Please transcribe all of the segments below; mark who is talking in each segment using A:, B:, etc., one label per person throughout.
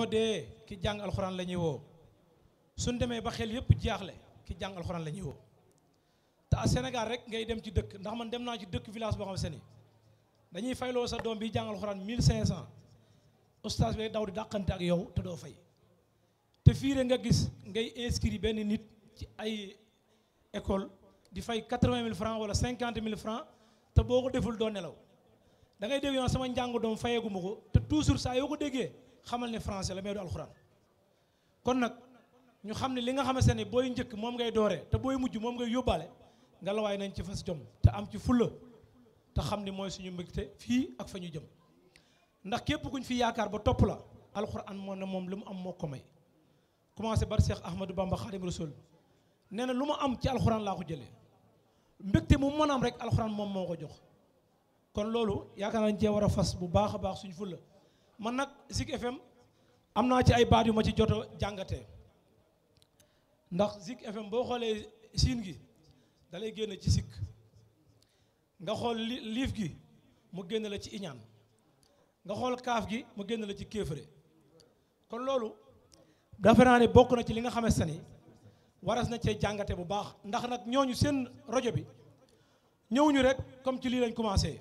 A: bo de ki jang alxuraan lañuy wo woo suñ demee ba xel yëpp jaaxle ki jang alxuraan lañuy wo ta te Sénégal rek ngay dem ci dëkk ndax man dem na ci dëkk village bo xam se ni dañuy fayloo sa dom bi jang alxuraan 1500 oustaz bi daw di dàqante ak yow te do fay te fii rek nga gis ngay inscrire benn nit ci ay école di fay 80000 francs wala 50000 francs te boko ko deful doo nelaw da ngay dégg yoon sama njàng dom fayeeguma ko te toujours sa yoko ko xamal ne français la mais du alxuraan kon nag ñu xam ne li nga xamante ne booy njëkk moom ngay dooree te booy mujj moom ngay yóbbaale nga lawaay nañ ci fas jom te am ci fulla te xam ni mooy suñu mbégte fii ak fa ñu jëm ndax képp kuñ fi yaakaar ba topp la alxuraan moo ne moom lu mu am moo ko may commencé bar Cheikh Ahmadou Bamba Xaadimu Rasuul nee na lu ma am ci alxuraan laa ko jëlee mbégte mu mën am rek alxuraan moom moo ko jox kon loolu yaakaar nañ cee war a fas bu baax a baax suñu fulla man nag Zik FM am naa ci ay baat yu ma ci joto jàngate ndax Zik boo xoolee siin gi dalay génn ci sikk nga xool liif gi mu génn la ci iñaan nga xool kaaf gi mu génn la ci kéefare kon loolu dafa naa ne bokk na ci li nga xamante ni waras na cee jàngate bu baax ndax nag ñooñu seen rajo bi ñëwuñu rek comme ci lii lañ commencé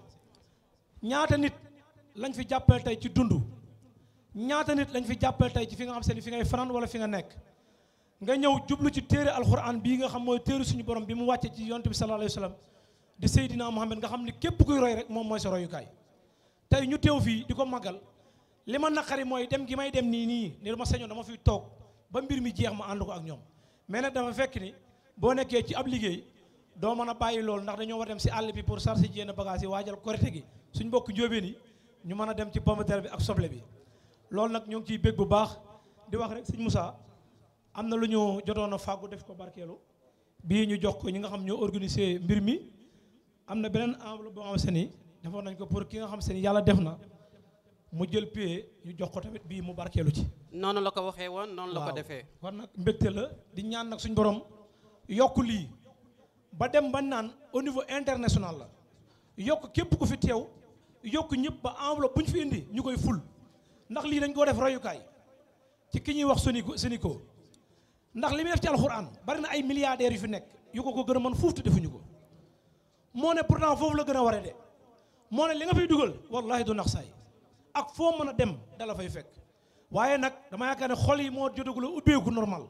A: ñaata nit lañ fi jàppale tey ci dund ñaata nit lañ fi jàppale tey ci fi nga xam seen fi ngay fanan wala fi nga nekk nga ñëw jublu ci téere alquran bii nga xam mooy téere suñu borom bi mu wàccee ci yonte bi sallallahu alayhi wa di Seydina Muhammad nga xam ni képp kuy roy rek moom mooy sa royukaay tey ñu teew fii di ko magal li ma naqari mooy dem gi may dem nii nii ni ma sañoon dama fi toog ba mbir mi jeex ma ànd ko ak ñoom mais nag dafa fekk ni boo nekkee ci ab liggéey doo mën a bàyyi loolu ndax dañoo war dem si àll bi pour charger ji yenn bagage yi waajal korite gi suñ mbokk ñu mën a dem ci pomme de bi ak soble bi loolu nag ñoo ngi ciy bég bu baax di wax rek suñ Moussa am na lu ñu jotoon a fàggu def ko barkeelu bii ñu jox ko ñi nga xam ñoo organiser mbir mi am na beneen enveloppe boo xam se ni defoon nañ ko pour ki nga xam se ni yàlla def na mu jël pie ñu jox ko tamit bii mu barkeelu ci. noonu la ko waxee woon noonu la ko defee. kon nag mbégte la di ñaan nag suñ borom yokk lii ba dem ba naan au niveau international la yokk képp ku fi teew. yokk ñëpp ba enveloppe bu ñu fi indi ñu koy ful ndax lii dañ koo def royukaay ci ki ñuy wax Senico ko ndax li muy def ci alxuraan bari na ay milliardaires yu fi nekk yu ko ko gën a mën foofu te defuñu ko moo ne pourtant foofu la gën a waree de moo ne li nga fay dugal wallahi du nax saay ak foo mën a dem dala fay fekk waaye nag dama yaakaar ne xol yi moo jotagul a ubbeeku normal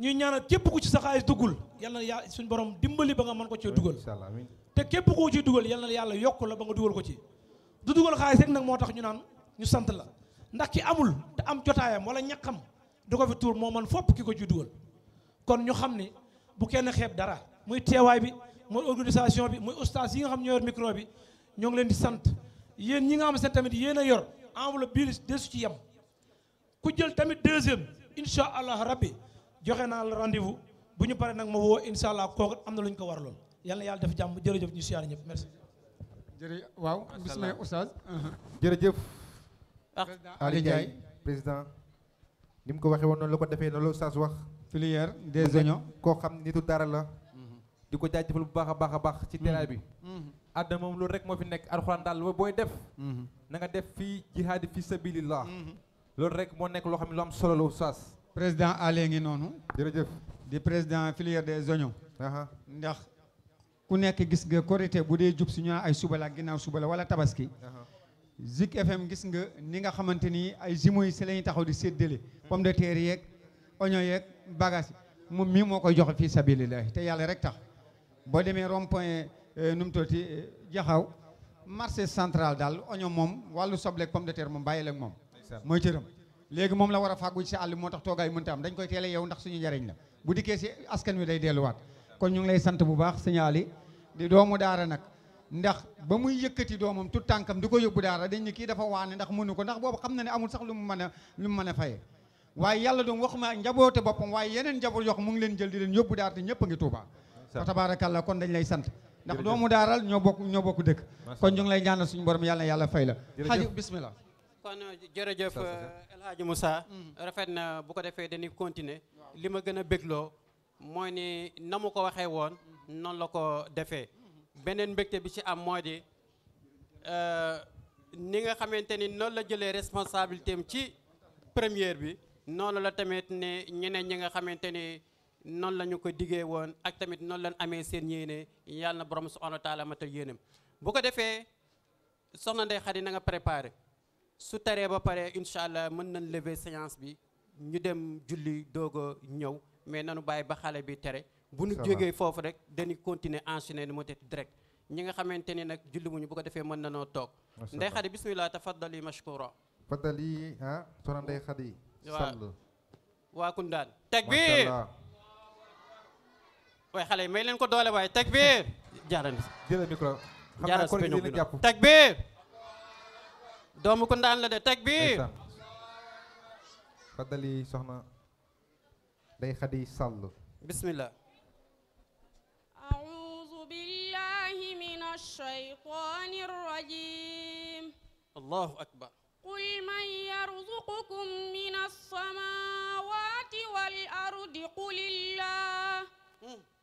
A: ñuy ñaanal képp ku ci sa xaalis duggul yàlla na yaa suñ borom dimbali ba nga mën ko cee dugal te képp koo ci dugal yal na yàlla yokk la ba nga dugal ko ci du dugal xaalis nag moo tax ñu naan ñu sant la ndax ki amul te am jotaayam wala ñaqam du ko fi tuur moo man fopp ki ko ci dugal kon ñu xam ni bu kenn xeeb dara muy teewaay bi muy organisation bi muy ustaas yi nga xam ñoo yor micro bi ñoo ngi leen di sant yéen ñi nga xam seen tamit yéen a yor enveloppe bii desu ci yem ku jël tamit deuxième incha allah rabbi joxe naa la bu ñu paree nag ma woo incha am na lu ñu ko waraloon yal yàlla def jàmm jërëjëf ñu siyaar ñëpp merci. jërëjëf waaw bisimilah oustaz.
B: jërëjëf. Ah. Ali Ndiaye président ni mu ko waxee woon noonu la ko defee noonu la oustaz wax. filière des oignons. koo xam nitu dara la. Mhm. di ko jaajëfal bu baax a baax a baax ci teraay bi. Mhm. Mhm. àdduna moom loolu rek moo fi nekk alxuraan daal booy def. na nga def fii fii jihaadi fi sabilillah. loolu rek moo nekk loo xam ne lu am solo la oustaz. président Allé ngi noonu. jërëjëf. di président filière
C: des oignons. ku nekk gis nga korité bu dee jub ay la la wala tabaski. Zik FM gis nga ni nga xamante ni ay jumeaux yi si la ñuy taxaw di séddale. pomme de terre yeeg oignon yeeg bagage yi moom mii te rek tax boo demee rond point euh, nu mu euh, jaxaw marché central dal oignon walu wàllu sobleeg pomme de terre moom bàyyi mom la wara a fàggu ci àll moo tax toogaay mënta am dañ koy teel a yow ndax suñu njariñ la bu dikkee si askan day kon ñu ngi lay sant bu baax di doomu daara nag ndax ba muy yëkkati doomam tu tànkam di ko yóbbu daara dañ ni kii dafa waane ndax mënu ko ndax boobu xam na ne amul sax lu mu mën a a faye waaye yàlla doom waxuma njaboote boppam waaye yeneen njaboot yoo mu ngi leen jël di leen yóbbu daara te ñëpp a ngi Tuuba fa tabaarakàlla kon dañ lay sant ndax doomu daaral ñoo bokk ñoo bokk dëkk kon ñu ngi lay ñaanal suñu borom yàlla yàlla fay la xaaju bismillah
D: kon uh, jërëjëf uh, El Hadji Moussa mm. rafet na bu ko defee dañuy continuer li ma gën a bégloo mooy ni na mu ko waxee woon noonu la ko defee beneen mbégte bi ci am moo di euh, ni nga xamante ni noonu la jëlee responsabilité am ci première bi noonu la tamit ne ñeneen ñi nga xamante ni noonu la ko diggee woon ak tamit noonu lañ amee seen yéene yàlla na borom subhanahu wa taala matal yéenam bu ko defee soxna Ndeye Khady na nga préparé su taree ba pare incha allah mën nañ lever séance bi ñu dem julli doog ñëw mais nanu bàyyi ba xale bi tere bu nu jógee foofu rek dañuy continuer enchaîner ni mu tëdd direct ñi nga xamante ni nag julli ñu bu ko defee mën nanoo toog ndey xadi bismillah tafaddali mashkura
B: faddali ah soxna ndey xadi sall
D: waa kundaan takbir waaye xale yi may leen ko doole waaye takbir
B: jaarandi jëlal micro jaaral si peñu
D: jàpp takbir doomu kundaan la de takbir
B: faddali بسم الله
E: أعوذ بالله من الشيطان الرجيم
D: الله أكبر
E: قل من يرزقكم من السماوات والأرض قل الله hmm.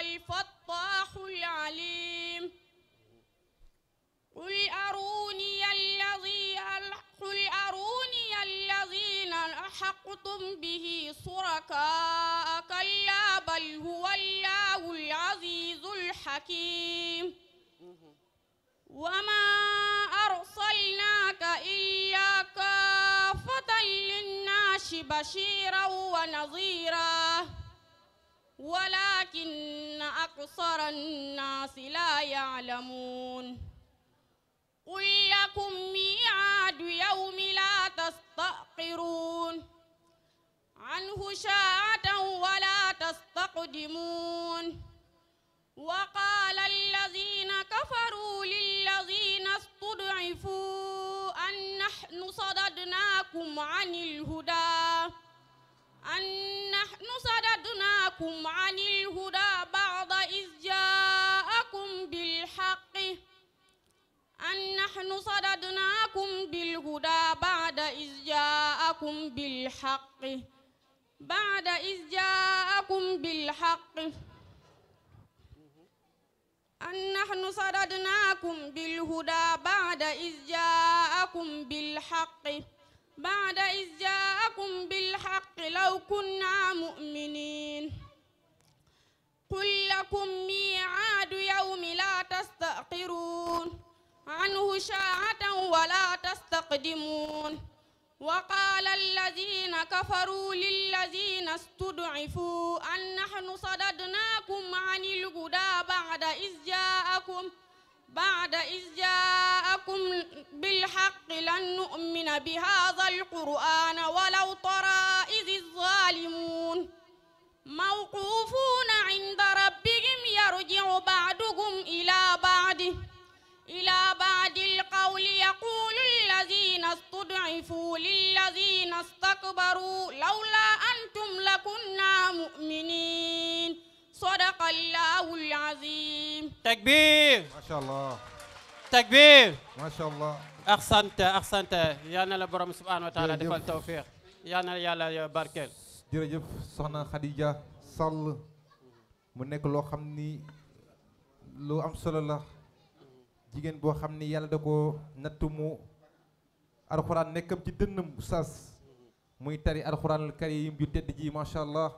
E: الفطاح العليم قل أروني الذي قل أروني الذين ألحقتم به شركاء كلا بل هو الله العزيز الحكيم وما أرسلناك إلا كافة للناس بشيرا ونظيرا ولكن أقصر الناس لا يعلمون قل لكم ميعاد يوم لا تستأخرون عنه شاعة ولا تستقدمون وقال الذين كفروا للذين استضعفوا أن نحن صددناكم عن الهدى أن نحن صددناكم عن الهدى بعد أن نحن صددناكم بالهدى بعد إذ جاءكم بالحق بعد إذ جاءكم بالحق أن نحن صددناكم بالهدى بعد إذ جاءكم بالحق بعد إذ جاءكم بالحق لو كنا مؤمنين قل لكم ميعاد يوم لا تستأخرون شاعة ولا تستقدمون وقال الذين كفروا للذين استدعفوا أن نحن صددناكم عن الهدى بعد إذ جاءكم بعد إذ جاءكم بالحق لن نؤمن بهذا القرآن ولو ترى إذ الظالمون موقوف أو ليقول الذين استضعفوا للذين استكبروا لولا أنتم لكنا مؤمنين صدق الله العظيم
D: تكبير
B: ما شاء الله تكبير ما شاء الله
D: أحسنت أحسنت يا نال لبرم سبحانه وتعالى دفع التوفيق يا نال يا لا
B: soxna Khadija Sall mu nekk loo xam ni lu am solo الله jigéen boo xam ne yàlla da ko nattu mu alxuraan nekkam ci dënnam sas muy tari alxuraanul karim yu tedd ji macha allah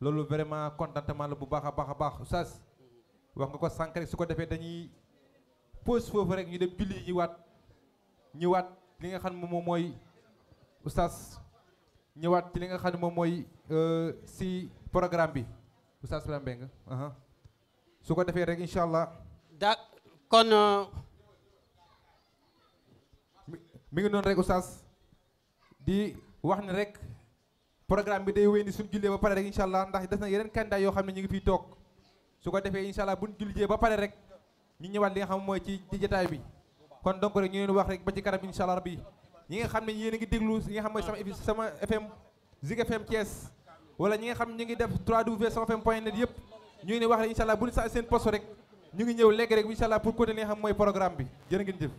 B: loolu vraiment contentement la bu baax a baax a baax oustaz wax nga ko sànq su ko defee dañuy pause foofu rek ñu dem julli ñëwaat ñëwaat li nga xam ne moom mooy oustaz ñëwaat ci li nga xam ne moom mooy euh, si programme bi oustaz Birame Mbengue uh-huh. su ko defee rek incha allah. kon. Uh, mi ngi noonu rek oustaz di wax ne rek programme bi day wéy ni suñu jullee ba pare rek incha allah ndax des na yeneen candidat yoo xam ne ñu ngi fiy toog su ko defee incha allah buñ jullee ba pare rek ñu ñëwaat li nga xam mooy ci ci jotaay bi kon donc rek ñu leen wax rek ba ci kanam incha allah rabbi ñi nga xam ne yéen a ngi déglu ñi nga xam mooy sama sama FM Zik FM Thiès wala ñi nga xam ñu ngi def 3W sama FM ñu ngi ne wax rek incha bu buñ sa seen poste rek. ñu ngi ñëw léegi rek incha allah pour continuer li nga xam mooy programme bi jërë ngeen jëf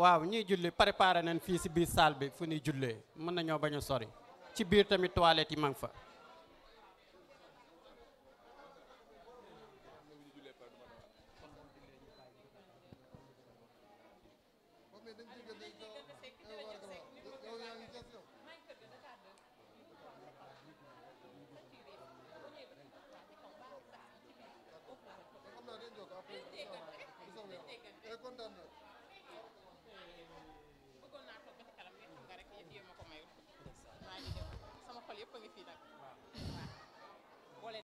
D: waaw ñuy julli préparé nañ fii si biir salle bi fu ñuy jullee mën nañoo bañ a sori ci biir tamit toilette yi ma fa. ñëpp a ngi fii nag.